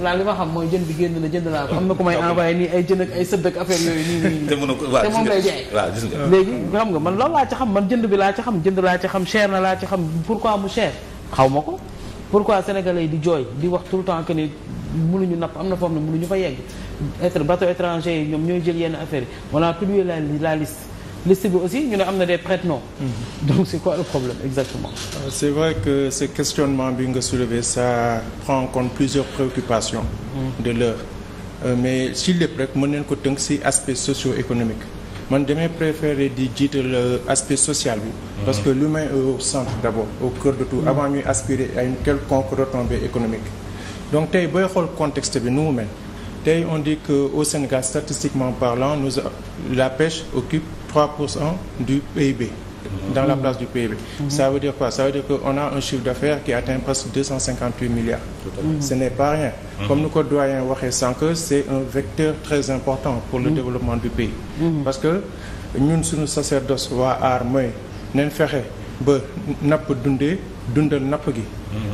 laal li ma xam mooy jën bi génn na jënd naa ko am na ku may envoyé nii ay jën ak ay sëdd affaire yooyu nii nii te mën na ko waaw man loolu laa xam man jënd bi laa ci xam jënd laa ci xam cher na laa ci xam pourquoi mu cher xaw ma ko pourquoi sénégalais yi di jooy di wax tout le temps que ni mënuñu napp am na foo xam ne mënuñu fa yegg être bateau étranger yi ñoom ñooy jël yenn affaire yi on a publié la la liste liste bi aussi ñu ne am na des prête-noms. Mhm. donc c'est quoi le problème exactement. Euh, c'est vrai que ce questionnement bi nga soulevé ça prend en compte plusieurs préoccupations. Mhm. de l'heure euh, mais si lépp rek mën nañu ko tënk ci aspect socio-économique man damay préférer di jiital euh, aspect social bi. Mhm. parce que l'humain est au centre d'abord au cœur de tout avant ñuy aspirer à une quelconque retombée économique donc tey booy xool contexte bi nu mu mel. Tey, on dit qu'au Sénégal, statistiquement parlant, la pêche occupe du PIB, dans la place du PIB. Ça veut dire quoi? Ça a un chiffre d'affaires qui atteint presque 258 milliards. Mmh. Ce n'est pas rien. Mm-hmm. Comme nu ko doyen waxee sànq, c'est un vecteur très important pour le mm-hmm. développement du pays. Mm-hmm. Parce que ñun suñu sacerdoce waa aar mooy nañ fexe ba napp dundee dundal napp gi.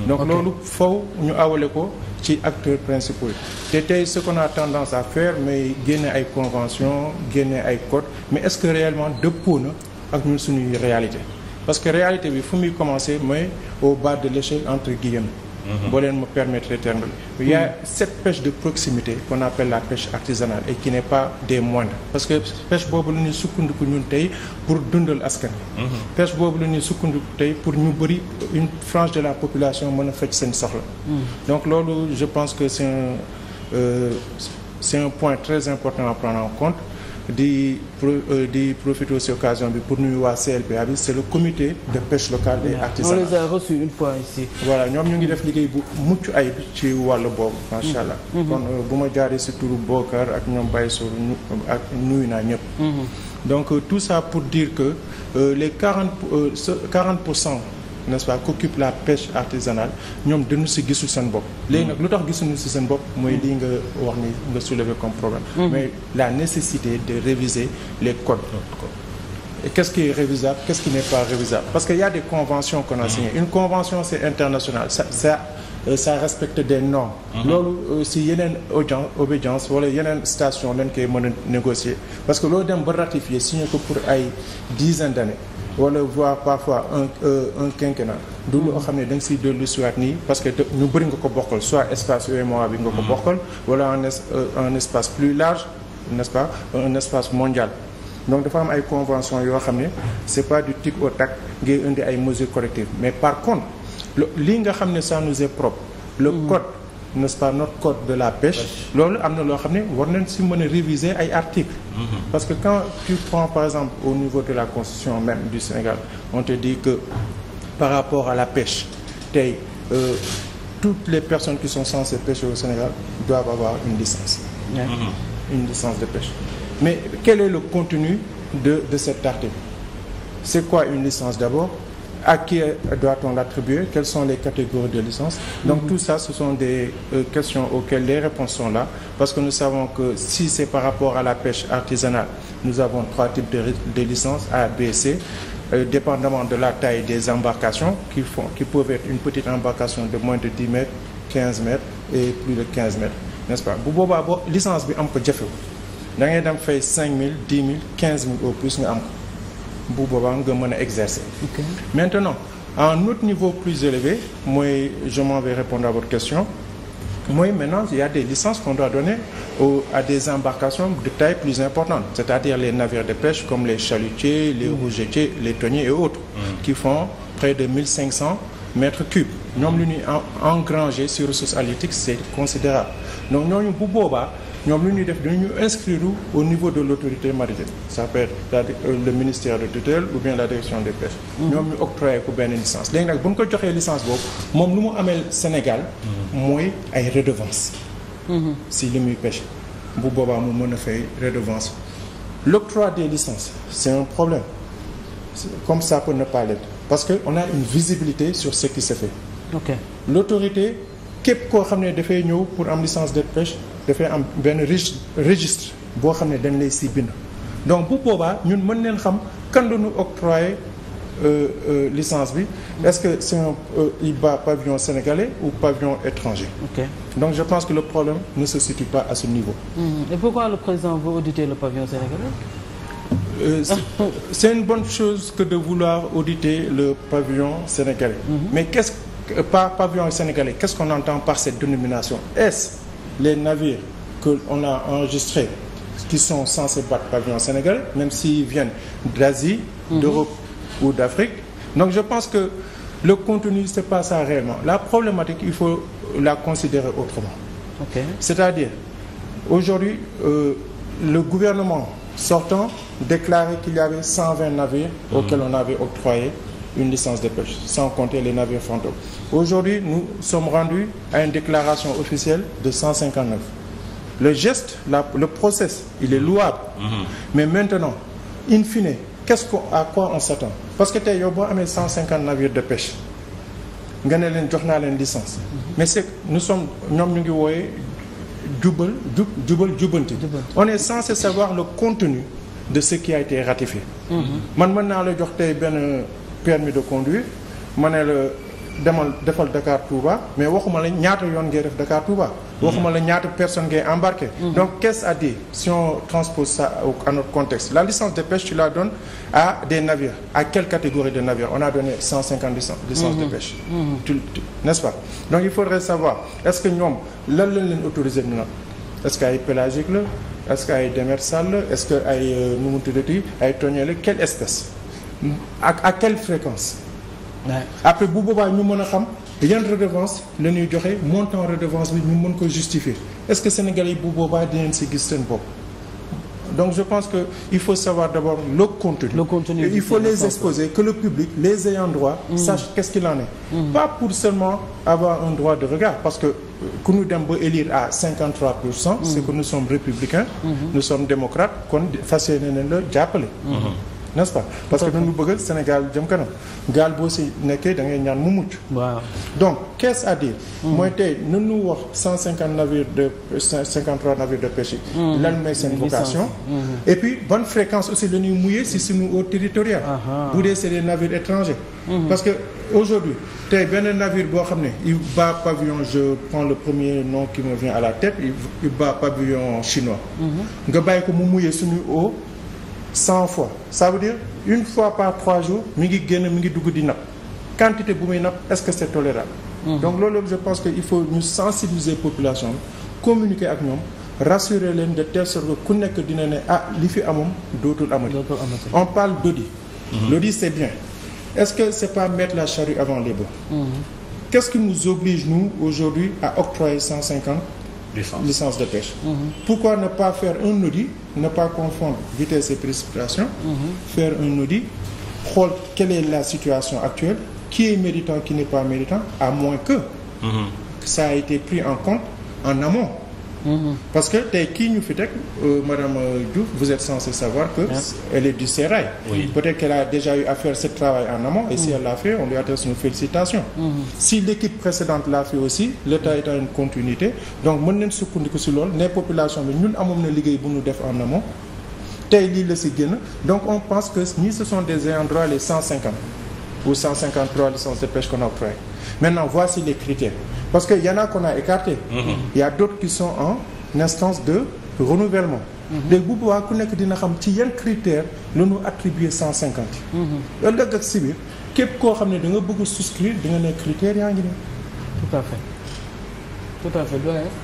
donc loolu faw ñu awale ko. ci acteurs principaux te tey ce qu'on a tendance à faire mais génne ay convention génne ay code mais est-ce que réellement dëppoo na ak ñun suñuy réalité parce que réalité bi fu muy commencer mooy au bas de l'échelle entre guillemets Mm-hmm. boo leen ma permettre terme il y a cette mm-hmm. pêche de proximité qu'on appelle la pêche artisanale et qui n'est pas des moindres parce que pêche boobu la ñuy sukkandiku ñun tey pour dundal askan wi mm-hmm. pêche boobu la ñuy sukkandiku tey pour ñu bëri une frange de la population mën a faj seen soxla donc loolu je pense que c'est un euh, c'est un point très important à prendre en compte di euh, di profiter aussi occasion bi pour nuyu waa CLPA bi c'est le comité de pêche locale et artisanale. on les a reçus une fois ici. voilà ñoom ñu ngi def liggéey bu mucc ay ci wàll boobu. macha allah mm-hmm. mm-hmm. kon euh, bu ma jaaree si turu Bokar ak ñoom Baye Sow ak nuyu naa ñëpp. Mm-hmm. donc euh, tout ça pour dire que les quarante quarante pour cent. n'est-ce pas qu'occupe la pêche artisanale ñoom dañu si gisul seen bopp. léegi nag lu tax gisuñu si seen bopp. mooy lii nga wax ni nga soulever comme problème. Mm-hmm. mais la nécessité de réviser les codes. Et que ce qui est révisable, qu'est-ce pas révisable Parce que y a des conventions qu'on a mm-hmm. signées. Une convention, c'est international. Ça, euh, respecte des normes. Mm-hmm. loolu euh, si yeneen audience obédience wala yeneen station lañ koy mën a négocier parce que loolu dem ba ratifier signé ko pour ay dizaine d'années wala voir parfois un euh, un quinquennat du loo xam ne da nga siy dellu siwaat nii parce que ñu bëri nga ko bokkal soit espace UEMOA bi nga ko hmm. bokkal wala un euh, un espace plus large n'est-ce pas un espace mondial donc dafa am ay convention yoo xam ne c'est pas du tic au tac indi ay mesures correctives mais par contre lii nga xam ne ça nous est propre le hmm. code nest pas notre code de la pêche loolu am na loo xam ne war nañ si mën a réviser ay articles Mhm. Parce que quand tu prends par exemple au niveau de la constitution même du Sénégal, on te dit que par rapport à la pêche, es, euh, toutes les personnes qui sont censées pêcher au Sénégal doivent avoir une licence. Mhm. Une licence de pêche. Mais quel est le contenu de, de cet article C'est quoi une licence d'abord à qui doit-on l'attribuer, quelles sont les catégories de licences. Donc mm -hmm. tout ça, ce sont des euh, questions auxquelles les réponses sont là, parce que nous savons que si c'est par rapport à la pêche artisanale, nous avons trois types de, de licences, B, C. Euh, dépendamment de la taille des embarcations, qui, font, qui peuvent être une petite embarcation de moins de 10 mètres, 15 mètres et plus de mètres, n'est-ce pas bu boobaa licence bi am ko jafewul da ngay dem fay 5 bu boobaa nga mën a exercer. maintenant à un autre niveau plus élevé mooy je m'en vais répondre à votre question mooy maintenant il y a des licences qu'on doit donner à des embarcations de taille plus importante c'est-à-dire les navires de pêche comme les chalutiers les mm. rougeetiers les thoniers et autres mmh. qui font près de 1500 mètres cubes ñoom lu ñuy engranger sur ressources halieutiques c'est considérable donc ñooñu bu boobaa ñoom lu ñuy def dañu inscrire au niveau de l'autorité maritaime ça peut être la euh, le ministère de tutelle ou bien la direction des pêches hmm. ñoom ñu octroyé ko benn licence léegi nag bu ñu ko joxee licence boobu moom lu mu amee Sénégal hmm. mooy ay redevance hmm. si li muy pêche bu boobaa mu mën a fay redevance l'octroi des licences c'est un problème comme ça peut ne pas l'être parce que on a une visibilité sur ce qui se fait. l'autorité képp koo xam ne dafay ñëw pour am licence de pêche dafay am benn registre boo xam ne dañ lay si bind donc bu boobaa ñun mën neen xam kan la ñu octroyé euh, euh, licence bi est-ce que c'est un euh, IBA pavillon sénégalais ou pavillon étranger okay. donc je pense que le problème ne se situe pas à ce niveau mmh. et pourquoi le président veut auditer le pavillon sénégalais bonne chose que de vouloir auditer le pavillon sénégalais mmh. mais qu'est-ce par pavillon sénégalais qu'est-ce qu'on entend par cette dénomination est-ce les navires que on a enregistrés qui sont censés battre pavillon sénégalais même s'ils viennent d'Asie mm -hmm. d'Europe ou d'Afrique donc je pense que le contenu c'est pas ça réellement la problématique il faut la considérer autrement okay. c'est-à-dire aujourd'hui euh, le gouvernement sortant déclarait qu'il y avait 120 navires mm -hmm. auxquels on avait octroyé une licence de pêche, sans compter les navires fantômes. Aujourd'hui, nous sommes rendus à une déclaration officielle de Le geste, la, le process, il est louable. Mhm. Mais maintenant, in fine, qu'est-ce qu à quoi on s'attend Parce que tu as 150 navires de pêche. nga ne leen jox naa leen licence mhm. mais c'est nous sommes ñoom ñu ngi wooye jubal jub jubal jubanti on est censé savoir le contenu de ce qui a été ratifié mhm. man mën naa la jox tey permis de conduire ma ne la demal defal Dakar Touba mais waxuma la ñaata yoon ngay def Dakar Touba. Mm-hmm. waxuma la ñaata personne ngay embarqué. Mm-hmm. donc qu'est-ce à dire si on transpose ça à notre contexte la licence de pêche tu la donnes à des navires à quelle catégorie de navires on a donné 150 licences. licence de mm-hmm. pêche. tu n'est-ce pas donc il faudrait savoir est-ce que ñoom lan lañ leen autorisé ñu nag est-ce que ay pélagique la est-ce que ay démersal la est-ce que ay euh, nu mu tuddati ay thonier la quelle espèce. ak à quelle fréquence après bu boobaa ñu mën a xam yan redevance la ñuy joxe montant redevance bi ñu mën ko justifier est-ce que sénégalais yi bu boobaa dinañ si gis seen bopp donc je pense que il faut savoir d'abord le contenu, le il faut les exposer que le public les ayant droit mmh. sache qu'est-ce qu'il en est mmh. pas pour seulement avoir un droit de regard parce que euh, ku ñu dem ba élire à 53 pour cent mm. c'est que nous sommes républicains mmh. nous sommes démocrates kon fas yéene nañ la jàppale mm-hmm. nest pas parce que dañu bëggal Sénégal jëm kanam gaal boo si nekkee da ngay ñaan mu mucc waaw donc qu'est-ce à dire hmm. mooy tey nunu wax cent cinquante navires de cinquante trois navires de pêche yi hmm. lan mooy seen vocation hmm. et puis bonne fréquence aussi la ñuy muyee si suñu eau territoriale ah, ah. bu dee c'est des navires parce que aujourd'hui tey benn navire boo xam ne il bat pavillon je prends le premier nom ki me vient à la tête il bat pavillon chinois nga bàyyi ko mu muyee suñu eau cent fois ça veut dire une fois par trois jours mi ngi génn mi ngi dugg di napp quantité bu muy napp est-ce que c'est tolérable mmh. donc loolu je pense que il faut ñu sensibiliser population bi communiquer ak ñoom rassurer leen de telle sorte ku nekk dina ne ah li fi amoon dootul amati on parle d'audit mmh. l'audit c'est bien est-ce que c'est pas mettre la charrue avant les bœufs mmh. qu'est-ce qui nous oblige nous aujourd'hui à octroyer 150 licence, licence de pêche. Mm -hmm. Pourquoi ne pas faire un audit, ne pas confondre vitesse et précipitation, mhm. faire un audit, xool quelle est la situation actuelle, qui est méritant, qui n'est pas méritant, à moins que mhm. ça a été pris en compte en amont. Mm-hmm. parce que tey kii ñu fi teg euh, madame euh, Diouf vous êtes censé savoir que elle est du sérail peut-être qu'elle a déjà eu à faire ce travail en amont et si mm-hmm. elle l'a fait on lui adresse une félicitation mm-hmm. si l'équipe précédente l'a fait aussi l'état est en une continuité donc mën nañ sukkandiku si lool ne population bi ñun amoon na liggéey bu ñu def en amont tey lii la si génn donc on pense que ñii ce sont des ayants droit les 150 ou 153 licences de pêche qu'on octroie maintenant voici les Parce que y en a qu'on écarté. Mhm. Il y qui sont en instance de renouvellement. Mhm. léegi bu boobaa ku nekk dina xam ci yan critère la ñu attribuer cent cinquante yi mhm. ëllëg ak si biir képp koo xam ne da nga bëgg a souscrire di nga ne critères yaa ngi ne